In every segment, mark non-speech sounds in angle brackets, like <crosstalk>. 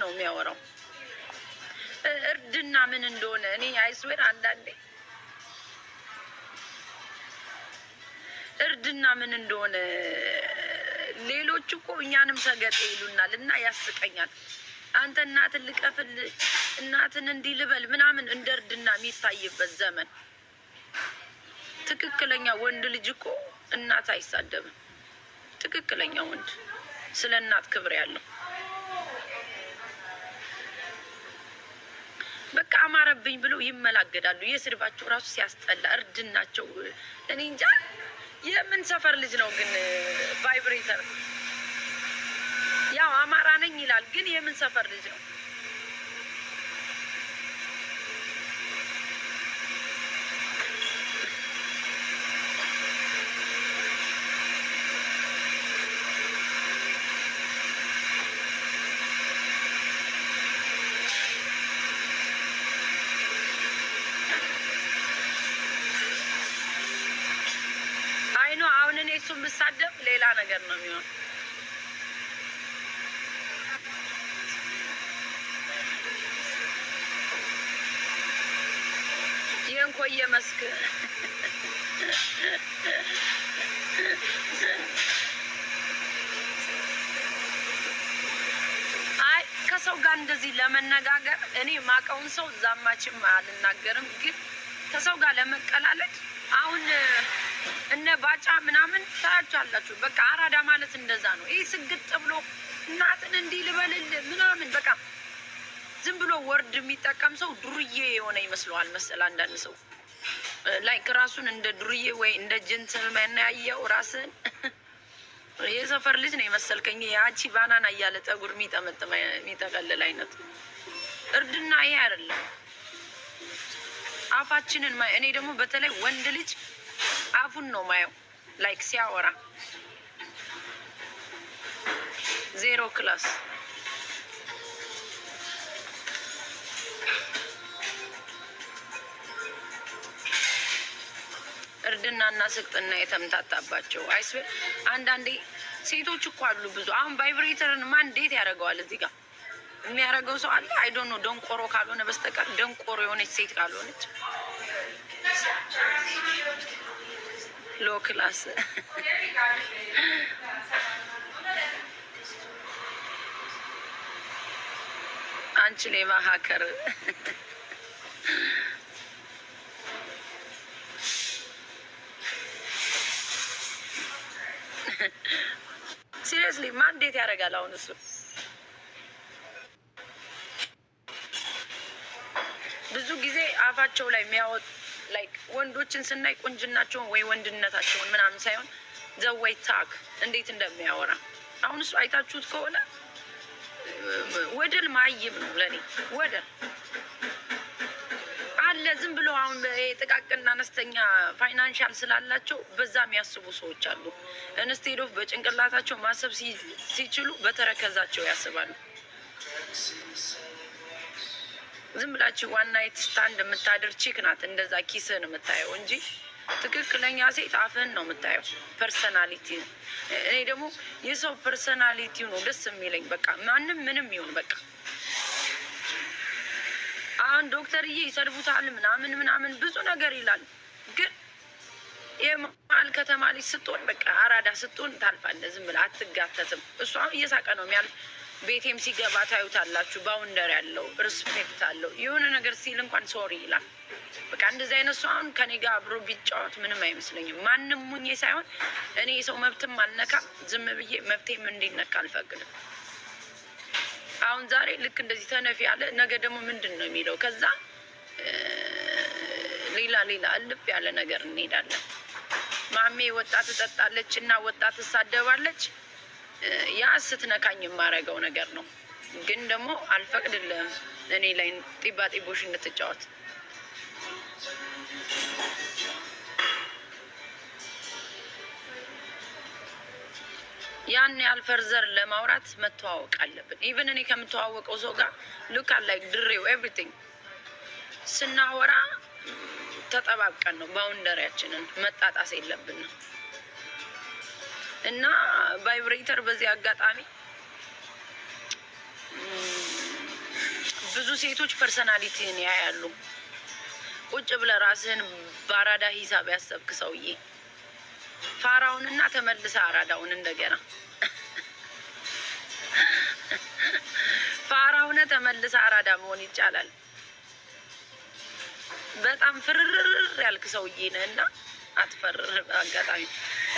ነው የሚያወራው። እርድና ምን እንደሆነ እኔ አይስዌር አንዳንዴ እርድና ምን እንደሆነ ሌሎች እኮ እኛንም ሰገጤ ይሉናል እና ያስቀኛል። አንተ እናትን ልቀፍል እናትን እንዲህ ልበል ምናምን እንደ እርድና የሚታይበት ዘመን። ትክክለኛ ወንድ ልጅ እኮ እናት አይሳደብም። ትክክለኛ ወንድ ስለ እናት ክብር ያለው በቃ አማረብኝ ብለው ይመላገዳሉ። የስድባቸው ራሱ ሲያስጠላ እርድናቸው። እኔ እንጃ የምን ሰፈር ልጅ ነው ግን ቫይብሬተር ያው አማራ ነኝ ይላል፣ ግን የምን ሰፈር ልጅ ነው? ብሳደብ ሌላ ነገር ነው የሚሆን። ይህን ኮየ መስክ አይ ከሰው ጋር እንደዚህ ለመነጋገር እኔ ማቀውን ሰው ዛማችም አልናገርም፣ ግን ከሰው ጋር ለመቀላለድ አሁን እነ ባጫ ምናምን ታያቸዋላችሁ። በቃ አራዳ ማለት እንደዛ ነው። ይህ ስግጥ ብሎ እናትን እንዲህ ልበልል ምናምን በቃ ዝም ብሎ ወርድ የሚጠቀም ሰው ዱርዬ የሆነ ይመስለዋል መሰል አንዳንድ ሰው ላይክ ራሱን እንደ ዱርዬ ወይ እንደ ጀንትልመን ያየው ራስን <laughs> የሰፈር ልጅ ነው የመሰልከኝ። የአቺ ባናና እያለ ጠጉር የሚጠመጥም የሚጠቀልል አይነት እርድና ይሄ አይደለም። አፋችንን እኔ ደግሞ በተለይ ወንድ ልጅ አፉን ነው ማየው ላይክ ሲያወራ ዜሮ ክላስ እርድናና ስቅጥና የተምታታባቸው አይስቤ አንዳንዴ ሴቶች እኮ አሉ ብዙ። አሁን ቫይብሬተርን ማን እንዴት ያደርገዋል? እዚህ ጋር የሚያደርገው ሰው አለ። አይ ዶንት ደንቆሮ ካልሆነ በስተቀር ደንቆሮ የሆነች ሴት ካልሆነች ሎ ክላስ አንቺ ሌባ ሀከር ሲሪየስሊ ማ እንዴት ያደርጋል አሁን እሱ ብዙ ጊዜ አፋቸው ላይ የሚያወጡ ላይክ ወንዶችን ስናይ ቁንጅናቸውን ወይ ወንድነታቸውን ምናምን ሳይሆን ዘወይ ታክ እንዴት እንደሚያወራ አሁን እሱ አይታችሁት ከሆነ ወደል ማይም ነው ለኔ ወደል አለ። ዝም ብሎ አሁን የጥቃቅንና አነስተኛ ፋይናንሻል ስላላቸው በዛ የሚያስቡ ሰዎች አሉ። እንስቴድ ኦፍ በጭንቅላታቸው ማሰብ ሲችሉ በተረከዛቸው ያስባሉ። ዝም ብላችሁ ዋና የትስታንድ የምታድር ቺክ ናት። እንደዛ ነው የምታየው እንጂ ትክክለኛ ሴት አፍህን ነው የምታየው፣ ፐርሰናሊቲ እኔ ደግሞ የሰው ፐርሰናሊቲ ነው ደስ የሚለኝ። በቃ ማንም ምንም ይሁን በቃ አሁን ዶክተርዬ ይሰድቡታል ምናምን ምናምን ብዙ ነገር ይላል። ግን የመሀል ከተማ ልጅ ስትሆን በቃ አራዳ ስትሆን ታልፋለህ። ዝም ብለህ አትጋተትም። እሷ እየሳቀ ነው የሚያልፍ ቤቴም ሲገባ ታዩታላችሁ። ባውንደር ያለው ሪስፔክት አለው። የሆነ ነገር ሲል እንኳን ሶሪ ይላል። በቃ እንደዚህ አይነት ሰው አሁን ከኔ ጋር አብሮ ቢጫወት ምንም አይመስለኝም። ማንም ሙኜ ሳይሆን እኔ የሰው መብትም አልነካ ዝም ብዬ መብቴም እንዲነካ አልፈቅድም። አሁን ዛሬ ልክ እንደዚህ ተነፊ ያለ ነገ ደግሞ ምንድን ነው የሚለው ከዛ ሌላ ሌላ ልብ ያለ ነገር እንሄዳለን። ማሜ ወጣት ትጠጣለች እና ወጣት ትሳደባለች። ያ ስትነካኝ የማረገው ነገር ነው። ግን ደግሞ አልፈቅድልህም እኔ ላይ ጢባ ጢቦሽ እንድትጫወት ያን ያህል ፈርዘር ለማውራት መተዋወቅ አለብን። ኢቨን እኔ ከምተዋወቀው ሰው ጋር ሉክ አላይክ ድሬው ኤቭሪቲንግ ስናወራ ተጠባብቀን ነው ባውንደሪያችንን መጣጣስ የለብንም። እና ቫይብሬተር በዚህ አጋጣሚ ብዙ ሴቶች ፐርሰናሊቲን ያያሉ። ቁጭ ብለ ራስህን በአራዳ ሂሳብ ያሰብክ ሰውዬ እና ተመልሰ አራዳውን እንደገና ፋራውነ ተመልሰ አራዳ መሆን ይቻላል። በጣም ፍርርር ያልክ ሰውዬ ነህ እና አትፈርር። አጋጣሚ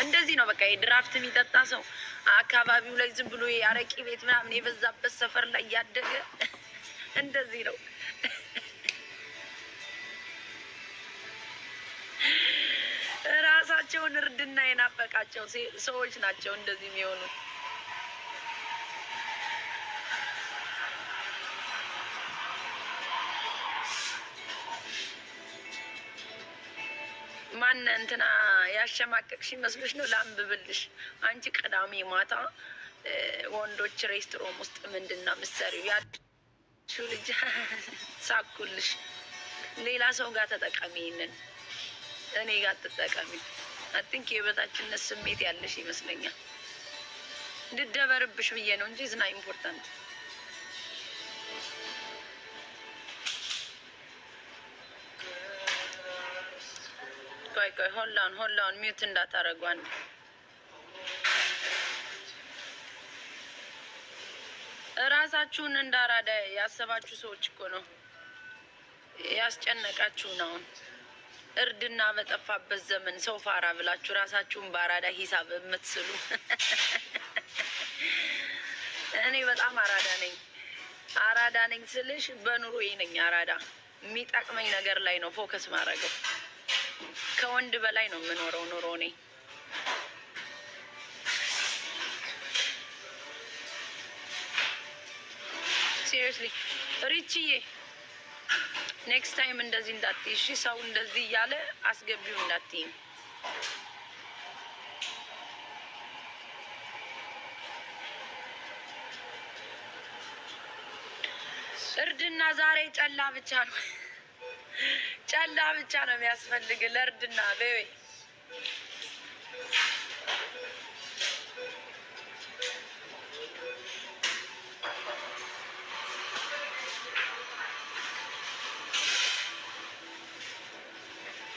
እንደዚህ ነው። በቃ የድራፍት የሚጠጣ ሰው አካባቢው ላይ ዝም ብሎ የአረቂ ቤት ምናምን የበዛበት ሰፈር ላይ እያደገ <laughs> እንደዚህ ነው። <laughs> ራሳቸውን እርድና የናፈቃቸው ሰዎች ናቸው እንደዚህ የሚሆኑት። ያን እንትና ያሸማቀቅሽ ይመስልሽ ነው። ላንብብልሽ። አንቺ ቅዳሜ ማታ ወንዶች ሬስትሮም ውስጥ ምንድን ነው የምትሰሪው? ያልሽው ልጅ <laughs> ሳኩልሽ። ሌላ ሰው ጋር ተጠቀሚ፣ ይንን እኔ ጋር ተጠቀሚ። አትንክ የበታችነት ስሜት ያለሽ ይመስለኛል። እንድደበርብሽ ብዬ ነው እንጂ ዝና ኢምፖርታንት ቆይ ቆይ፣ ሆላውን ሆላውን ሚዩት እንዳታረጓን። እራሳችሁን እንዳራዳ ያሰባችሁ ሰዎች እኮ ነው ያስጨነቃችሁን። አሁን እርድና በጠፋበት ዘመን ሰው ፋራ ብላችሁ ራሳችሁን በአራዳ ሂሳብ የምትስሉ <laughs> እኔ በጣም አራዳ ነኝ። አራዳ ነኝ ስልሽ በኑሮዬ ነኝ። አራዳ የሚጠቅመኝ ነገር ላይ ነው ፎከስ ማድረገው። ከወንድ በላይ ነው የምኖረው ኑሮ እኔ ሲሪየስሊ ሪችዬ ኔክስት ታይም እንደዚህ እንዳትይ እሺ። ሰው እንደዚህ እያለ አስገቢው እንዳትይም። እርድና ዛሬ ጨላ ብቻ ነው። ጨላ ብቻ ነው የሚያስፈልግ ለእርድና ቤቤ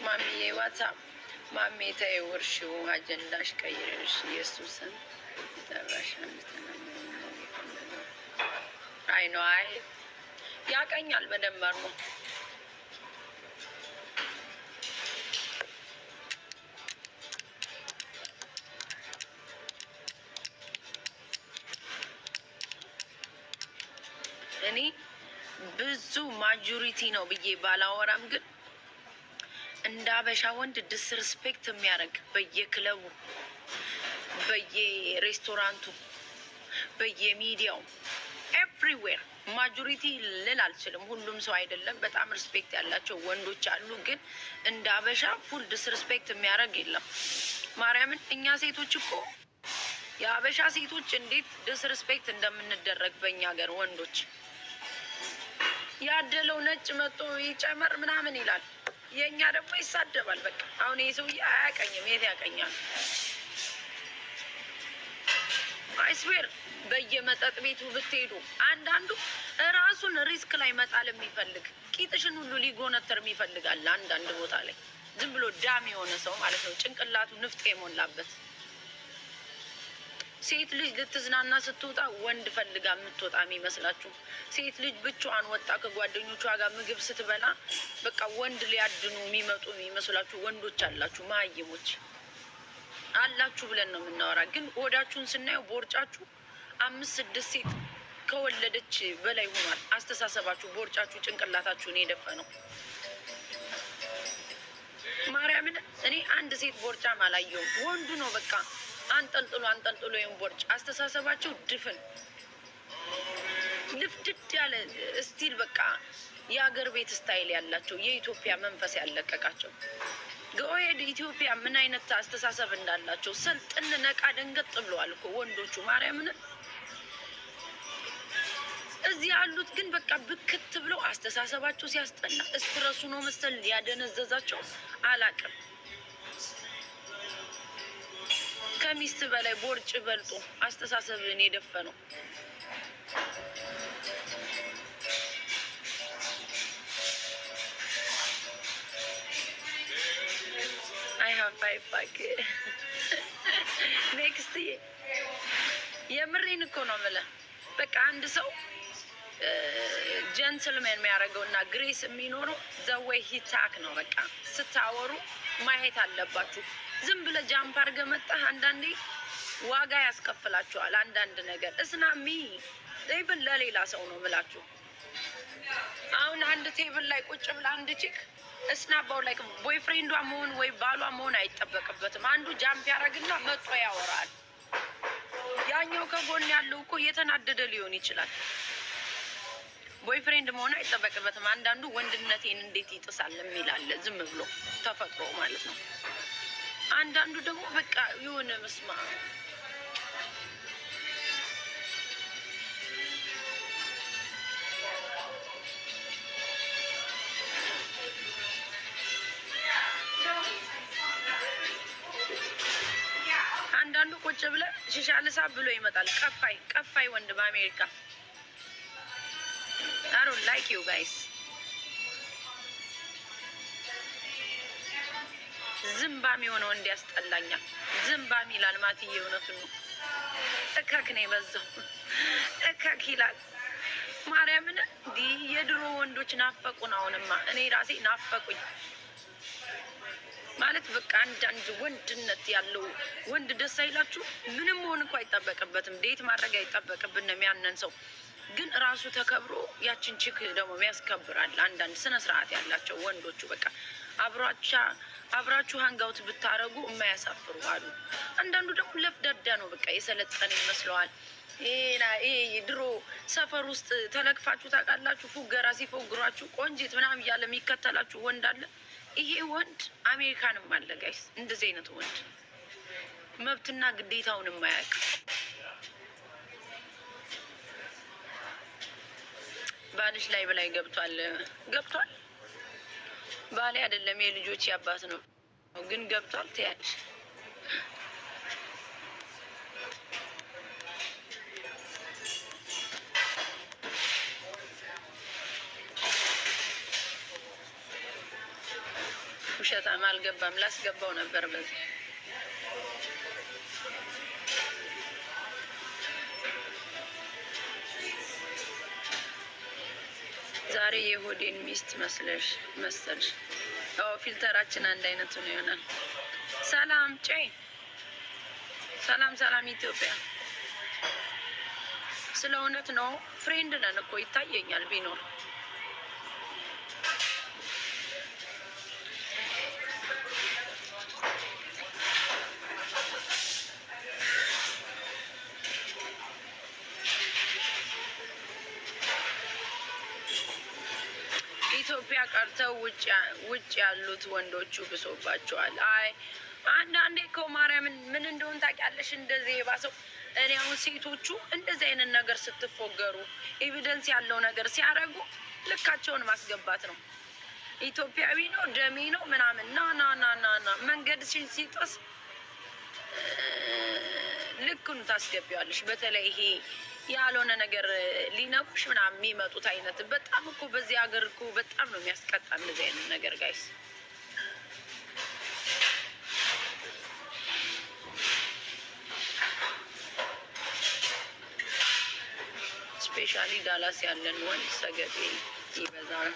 ማሚዬ ዋትሳፕ ማሜ ተይው፣ እርሺው አጀንዳሽ ቀይረሽ ኢየሱስን ጠራሽ። አይ ነው አይ ያቀኛል በደንብ አድርጎ ማጆሪቲ ነው ብዬ ባላወራም ግን እንደ አበሻ ወንድ ዲስሪስፔክት የሚያደርግ በየክለቡ፣ በየሬስቶራንቱ፣ በየሚዲያው ኤቭሪዌር ማጆሪቲ ልል አልችልም። ሁሉም ሰው አይደለም። በጣም ሪስፔክት ያላቸው ወንዶች አሉ። ግን እንደ አበሻ ፉል ዲስሪስፔክት የሚያደርግ የለም። ማርያምን እኛ ሴቶች እኮ የአበሻ ሴቶች እንዴት ዲስሪስፔክት እንደምንደረግ በእኛ ሀገር ወንዶች ያደለው ነጭ መጥቶ ይጨመር ምናምን ይላል። የእኛ ደግሞ ይሳደባል። በቃ አሁን ይህ ሰውዬ አያቀኝም። የት ያቀኛል? አይስዌር በየመጠጥ ቤቱ ብትሄዱ አንዳንዱ እራሱን ሪስክ ላይ መጣል የሚፈልግ ቂጥሽን ሁሉ ሊጎነተር የሚፈልጋል። አንዳንድ ቦታ ላይ ዝም ብሎ ዳም የሆነ ሰው ማለት ነው። ጭንቅላቱ ንፍጥ የሞላበት ሴት ልጅ ልትዝናና ስትወጣ ወንድ ፈልጋ የምትወጣ የሚመስላችሁ? ሴት ልጅ ብቻዋን ወጣ ከጓደኞቿ ጋር ምግብ ስትበላ በቃ ወንድ ሊያድኑ የሚመጡ የሚመስላችሁ ወንዶች አላችሁ፣ ማይሞች አላችሁ ብለን ነው የምናወራ። ግን ወዳችሁን ስናየው ቦርጫችሁ አምስት ስድስት ሴት ከወለደች በላይ ሆኗል። አስተሳሰባችሁ፣ ቦርጫችሁ ጭንቅላታችሁን የደፈ ነው። ማርያምን እኔ አንድ ሴት ቦርጫም አላየውም። ወንዱ ነው በቃ አንጠልጥሎ አንጠልጥሎ የንቦርጭ አስተሳሰባቸው ድፍን ልፍድድ ያለ ስቲል በቃ የሀገር ቤት ስታይል ያላቸው የኢትዮጵያ መንፈስ ያለቀቃቸው ገኦሄድ ኢትዮጵያ ምን አይነት አስተሳሰብ እንዳላቸው ሰልጥን ነቃ ደንገጥ ብለዋል እኮ ወንዶቹ ማርያምን። እዚህ ያሉት ግን በቃ ብክት ብለው አስተሳሰባቸው ሲያስጠላ ስትረሱ ነው መሰል ያደነዘዛቸው አላቅም። ከሚስት በላይ ቦርጭ በልጦ አስተሳሰብን የደፈነው ኔክስት የምሬን እኮ ነው የምልህ። በቃ አንድ ሰው ጀንትልሜን የሚያደርገው እና ግሬስ የሚኖረው ዘወይ ሂታክ ነው። በቃ ስታወሩ ማየት አለባችሁ። ዝም ብለ ጃምፕ አርገ መጣህ። አንዳንዴ ዋጋ ያስከፍላችኋል። አንዳንድ ነገር እስናሚ ቴብል ለሌላ ሰው ነው ብላችሁ አሁን አንድ ቴብል ላይ ቁጭ ብላ አንድ ቺክ እስናባው ላይ ቦይፍሬንዷ መሆን ወይ ባሏ መሆን አይጠበቅበትም። አንዱ ጃምፕ ያደርግና መጥቶ ያወራል። ያኛው ከጎን ያለው እኮ የተናደደ ሊሆን ይችላል። ቦይፍሬንድ መሆን አይጠበቅበትም። አንዳንዱ ወንድነቴን እንዴት ይጥሳል የሚላለ ዝም ብሎ ተፈጥሮ ማለት ነው። አንዳንዱ ደግሞ በቃ የሆነ መስማ አንዳንዱ ቁጭ ብለ ሽሻ ልሳ ብሎ ይመጣል። ቀፋይ ቀፋይ ወንድ በአሜሪካ አሮን ላይክ ዩ ጋይስ ዝምባም የሆነው እንዲያስጠላኛል። ዝምባም ይላል ማትዬ፣ እውነቱን ነው። እከክ ነው የበዛው፣ እከክ ይላል ማርያምን። እንዲህ የድሮ ወንዶች ናፈቁን። አሁንማ እኔ ራሴ ናፈቁኝ ማለት በቃ አንዳንድ ወንድነት ያለው ወንድ ደስ አይላችሁ? ምንም መሆን እኮ አይጠበቅበትም፣ ዴት ማድረግ አይጠበቅብንም። ያንን ሰው ግን ራሱ ተከብሮ ያችን ቺክ ደግሞ የሚያስከብራል። አንዳንድ ስነ ስርዓት ያላቸው ወንዶቹ በቃ አብሯቻ አብራችሁ ሀንጋውት ብታረጉ የማያሳፍሩ አሉ። አንዳንዱ ደግሞ ለፍዳዳ ነው፣ በቃ የሰለጠነ ይመስለዋል። ድሮ ሰፈር ውስጥ ተለክፋችሁ ታውቃላችሁ? ፉገራ ሲፎግሯችሁ ቆንጂት ምናምን እያለ የሚከተላችሁ ወንድ አለ። ይሄ ወንድ አሜሪካንም አለ ጋይስ። እንደዚህ አይነት ወንድ መብትና ግዴታውን የማያውቅ ባልሽ ላይ በላይ ገብቷል ገብቷል ባሌ አይደለም የልጆች አባት ነው፣ ግን ገብቷል ትያለሽ። ውሸታም አልገባም፣ ላስገባው ነበር በዚህ ዛሬ የሆዴን ሚስት መስለሽ መሰልሽ። ፊልተራችን አንድ አይነቱ ነው ይሆናል። ሰላም ጨ ሰላም ሰላም ኢትዮጵያ። ስለ እውነት ነው። ፍሬንድ ነን እኮ ይታየኛል ቢኖር ተው ውጭ ያሉት ወንዶቹ ብሶባቸዋል። አይ አንዳንዴ እኮ ማርያምን ምን እንደሆን ታውቂያለሽ? እንደዚህ የባሰው እኔ አሁን ሴቶቹ እንደዚህ አይነት ነገር ስትፎገሩ ኤቪደንስ ያለው ነገር ሲያደርጉ ልካቸውን ማስገባት ነው። ኢትዮጵያዊ ነው ደሜ ነው ምናምን ና ና ና ና ና መንገድ ሲጥስ ልክኑ ታስገቢዋለሽ። በተለይ ይሄ ያልሆነ ነገር ሊነኩሽ ምናምን የሚመጡት አይነት በጣም እኮ በዚህ ሀገር እኮ በጣም ነው የሚያስቀጣ እንደዚህ አይነት ነገር ጋይስ። ስፔሻሊ ዳላስ ያለን ወንድ ሰገጤ ይበዛል።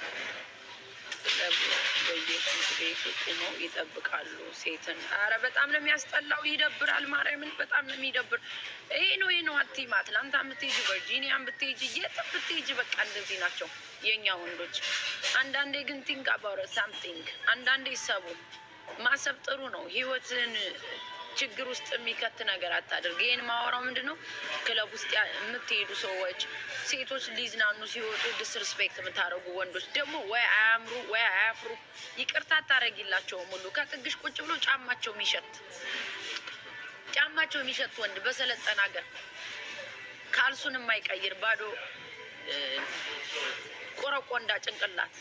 በየፊት ቤቱ ቁመው ይጠብቃሉ ሴትን። አረ በጣም ነው የሚያስጠላው፣ ይደብራል። ማርያምን በጣም ነው የሚደብር። ይሄ ነው ይሄ ነው አትይም። አትላንታ ብትሄጂ፣ ቨርጂኒያ ብትሄጂ፣ የትም ብትሄጂ በቃ እንደዚህ ናቸው የእኛ ወንዶች። አንዳንዴ ግን ቲንክ አባውት ሳምቲንግ፣ አንዳንዴ ይሰቡ። ማሰብ ጥሩ ነው ህይወትን ችግር ውስጥ የሚከት ነገር አታድርግ። ይህን ማወራው ምንድን ነው ክለብ ውስጥ የምትሄዱ ሰዎች ሴቶች ሊዝናኑ ሲወጡ ዲስርስፔክት የምታደርጉ ወንዶች ደግሞ ወይ አያምሩ ወይ አያፍሩ። ይቅርታ አታደርጊላቸውም። ሁሉ ከጥግሽ ቁጭ ብሎ ጫማቸው የሚሸት ጫማቸው የሚሸት ወንድ በሰለጠነ ሀገር ካልሱን የማይቀይር ባዶ ቆረቆንዳ ጭንቅላት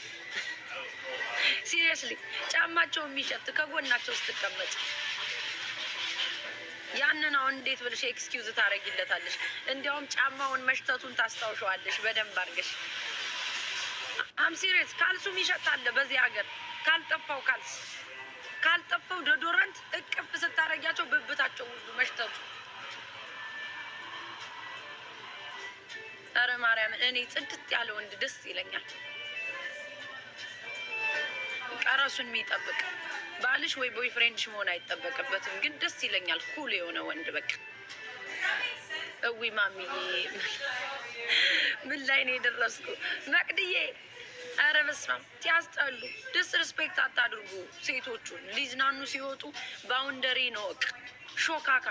ሲሪየስሊ <laughs> ጫማቸው የሚሸት ከጎናቸው ስትቀመጥ ያንን አሁን እንዴት ብለሽ ኤክስኪውዝ ታደርጊለታለሽ? እንዲያውም ጫማውን መሽተቱን ታስታውሸዋለሽ በደንብ አድርገሽ። አም ሲሪየስ ካልሱም ይሸጣል በዚህ ሀገር ካልጠፋው ካልስ ካልጠፋው ዶዶራንት እቅፍ ስታደርጊያቸው ብብታቸው ሁሉ መሽተቱ። ኧረ ማርያም እኔ ጽድት ያለ ወንድ ደስ ይለኛል። ቀረሱን የሚጠብቅ ባልሽ ወይ ቦይፍሬንድሽ መሆን አይጠበቅበትም፣ ግን ደስ ይለኛል ኩል የሆነ ወንድ በቃ እዊ ማሚ ምን ላይ ነው የደረስኩ? መቅድዬ ኧረ በስመ አብ ያስጠሉ። አታድርጉ ሴቶቹ። ሊዝናኑ ሲወጡ ባውንደሪ ነው እቅ ሾካካ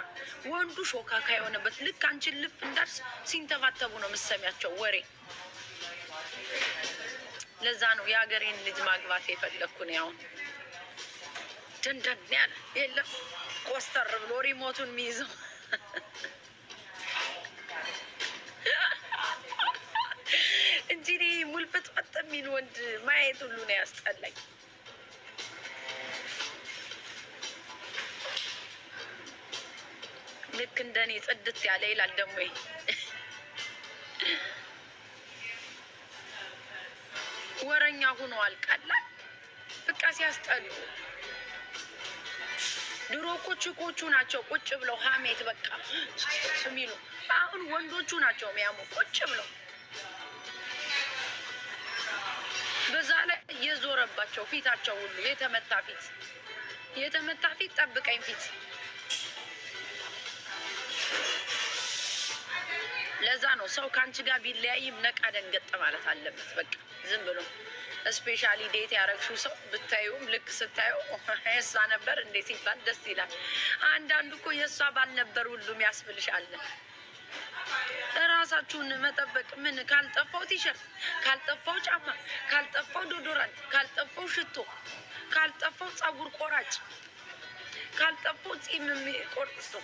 ወንዱ ሾካካ የሆነበት ልክ አንቺን ልፍ እንዳርስ ሲንተባተቡ ነው የምትሰሚያቸው ወሬ። ለዛ ነው የሀገሬን ልጅ ማግባት የፈለግኩ ነው ያሁን ደንደን ያለ የለም ኮስተር ብሎ ሪሞቱን የሚይዘው እንጂ እኔ ሙልበት ወጥ የሚል ወንድ ማየት ሁሉ ነው ያስጠላኝ። ልክ እንደኔ ጽድት ያለ ይላል ደግሞ ይሄ ወረኛ ሆኖ አልቃላል። በቃ ሲያስጠሉ ድሮ እኮ ችኮቹ ናቸው ቁጭ ብለው ሀሜት በቃ የሚሉ አሁን ወንዶቹ ናቸው የሚያሙ ቁጭ ብለው። በዛ ላይ የዞረባቸው ፊታቸው ሁሉ የተመታ ፊት የተመታ ፊት ጠብቀኝ ፊት። ለዛ ነው ሰው ከአንቺ ጋር ቢለያይም ነቃ ደንገጥ ማለት አለበት። በቃ ዝም ብሎ ስፔሻሊ ዴት ያደረግሽው ሰው ብታዩም ልክ ስታዩ የእሷ ነበር እንዴት ሲባል ደስ ይላል። አንዳንዱ እኮ የእሷ ባልነበር ሁሉም ያስብልሻል። እራሳችሁን መጠበቅ ምን ካልጠፋው ቲሸርት፣ ካልጠፋው ጫማ፣ ካልጠፋው ዶዶራንት፣ ካልጠፋው ሽቶ፣ ካልጠፋው ፀጉር ቆራጭ፣ ካልጠፋው ፂም የሚቆርጥ ሰው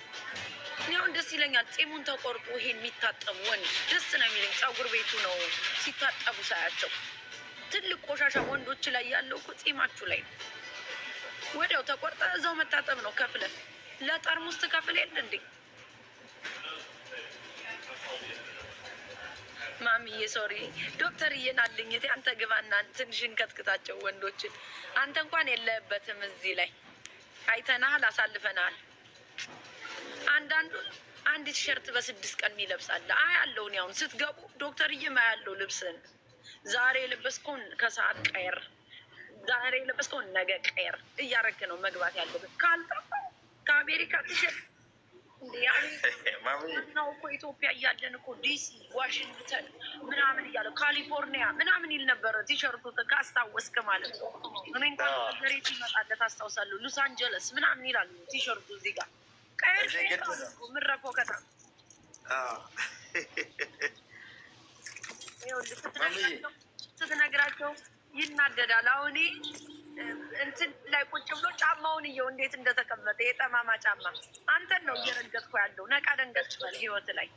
ደስ ይለኛል። ፂሙን ተቆርጦ ይሄን የሚታጠቡ ወንድ ደስ ነው የሚለኝ። ፀጉር ቤቱ ነው ሲታጠቡ ሳያቸው ትልቅ ቆሻሻ ወንዶች ላይ ያለው እኮ ጺማችሁ ላይ ነው። ወዲያው ተቆርጠ እዛው መታጠብ ነው። ከፍለ ለጠርሙስ ትከፍል የለ እንዴ? ማሚዬ ሶሪ ዶክተር እየናልኝ አንተ ግባና ትንሽን ከትክታቸው ወንዶችን። አንተ እንኳን የለህበትም እዚህ ላይ አይተናሃል፣ አሳልፈናሃል። አንዳንዱ አንድ ቲሸርት በስድስት ቀን ይለብሳል። አያለውን ያሁን ስትገቡ ዶክተርዬም አያለው ልብስን ዛሬ የለበስከውን ከሰዓት ቀየር፣ ዛሬ የለበስከውን ነገ ቀየር እያረክ ነው መግባት ያለበት። ካልጠፋ ከአሜሪካ ትሸናው እኮ ኢትዮጵያ እያለን እኮ ዲሲ፣ ዋሽንግተን ምናምን እያለ ካሊፎርኒያ ምናምን ይል ነበረ። ቲሸርቱ ካስታወስክ ማለት ነው። እኔ እንኳን ሀገሬት ይመጣለት አስታውሳለሁ። ሎስ አንጀለስ ምናምን ይላሉ ቲሸርቱ እዚህ ጋር ቀየር ምረኮ ከታ ስትነግራቸው ይናደዳል። አሁን እንትን ላይ ቁጭ ብሎ ጫማውን እየው እንዴት እንደተቀመጠ የጠማማ ጫማ። አንተን ነው እየረገጥኩ ያለው። ነቃ ደንገጥ በል ህይወት ላይ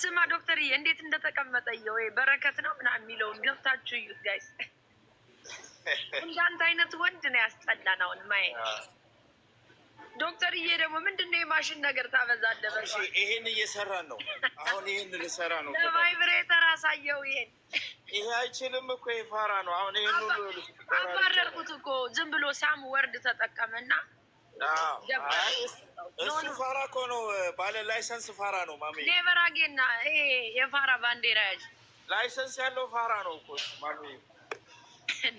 ስማ ዶክተርዬ፣ እንዴት እንደተቀመጠ እየው። በረከት ነው ምናምን የሚለውን ገብታችሁ እዩት ጋይስ። <laughs> እንዳንተ አይነት ወንድ ነው ያስጠላን አሁን ማየት ዶክተርዬ ደግሞ ምንድነው የማሽን ነገር ታበዛለህ? ይሄን እየሰራ ነው። አሁን ይሄን ልሰራ ነው። ቫይብሬተር አሳየው። ይሄን ይሄ አይችልም እኮ የፋራ ነው። አሁን ይሄን አባረርኩት እኮ ዝም ብሎ ሳም ወርድ ተጠቀመና እሱ ፋራ እኮ ነው። ባለ ላይሰንስ ፋራ ነው። ማሜ ኔቨራጌና ይሄ የፋራ ባንዴራ ያዥ ላይሰንስ ያለው ፋራ ነው እኮ ማሜ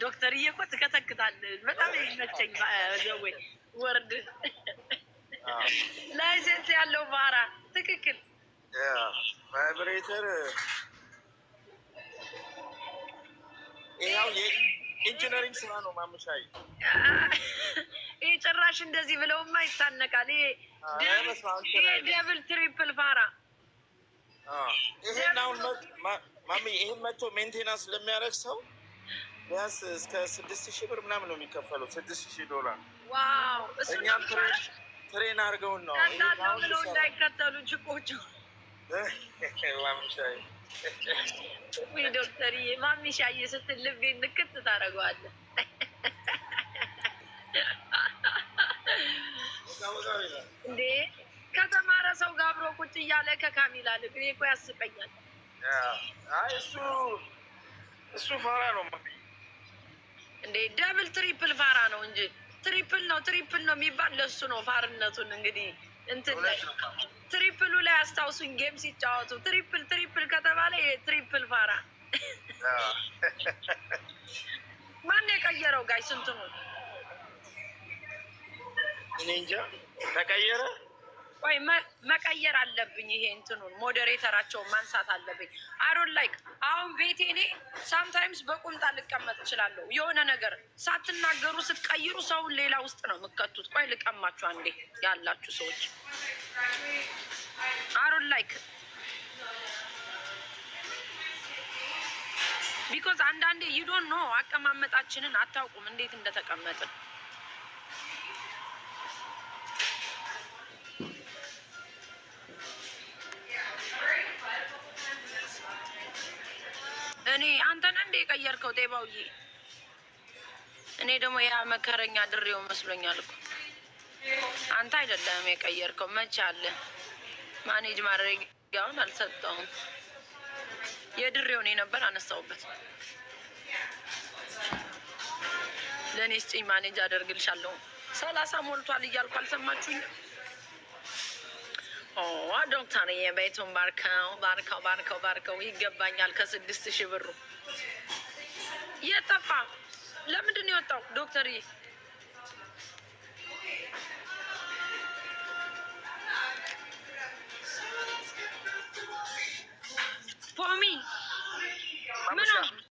ዶክተርዬ እኮ ትከተክታለህ። በጣም ይመቸኝ ዘወይ ወርድ ላይሰንስ ያለው ባራ ትክክል ቫይብሬተር ኢንጂነሪንግ ስራ ነው። ማምሻይ ይህ ጭራሽ እንደዚህ ብለውማ ይታነቃል። ይሄ ደብል ትሪፕል ፋራ ይሄን አሁን ማሚ መቶ ሜንቴናንስ ለሚያደርግ ሰው ቢያንስ እስከ ስድስት ሺህ ብር ምናምን ነው የሚከፈለው ስድስት ሺህ ዶላር እኛም ትሬን አድርገውን ነው ብለው እንዳይከተሉ ጭቆቹ። ወይ <laughs> ዶክተርዬ ማሚሻዬ ስትል ልቤ ንክት ታደርገዋለህ። እንዴ ከተማረ ሰው ጋር አብሮ ቁጭ እያለ ከካሚላ ልብ እኮ ያስቀኛል። እሱ እሱ ፋራ ነው እንዴ ደብል ትሪፕል ፋራ ነው እንጂ ትሪፕል ነው ትሪፕል ነው የሚባል ለሱ ነው። ፋርነቱን እንግዲህ እንትን ላይ ትሪፕሉ ላይ አስታውሱኝ፣ ጌም ሲጫወቱ ትሪፕል ትሪፕል ከተባለ የትሪፕል ፋራ ማን የቀየረው? ጋይ ስንት ነው? እኔ እንጃ ተቀየረ። ቆይ መቀየር አለብኝ። ይሄ እንትኑን ሞዴሬተራቸውን ማንሳት አለብኝ። አሮን ላይክ አሁን ቤቴ እኔ ሳምታይምስ በቁምጣ ልቀመጥ እችላለሁ። የሆነ ነገር ሳትናገሩ ስትቀይሩ ሰውን ሌላ ውስጥ ነው የምከቱት። ቆይ ልቀማችሁ አንዴ ያላችሁ ሰዎች አሮን ላይክ ቢኮዝ አንዳንዴ ይዶን ነው አቀማመጣችንን አታውቁም እንዴት እንደተቀመጥን የጀመርከው ጤባውዬ? እኔ ደግሞ ያ መከረኛ ድሬው መስሎኛል እኮ አንተ አይደለም የቀየርከው። መቼ አለ ማኔጅ ማድረጊያውን አልሰጠውም። የድሬው እኔ ነበር አነሳውበት። ለእኔ ስጭኝ ማኔጅ አደርግልሻለሁ። ሰላሳ ሞልቷል እያልኩ አልሰማችሁኝም? ዶክተር የቤቱን ባርከው ባርከው ባርከው ባርከው ይገባኛል ከስድስት ሺህ ብሩ የጠፋ ለምንድን ነው የወጣው? ዶክተር ፎሚ ምን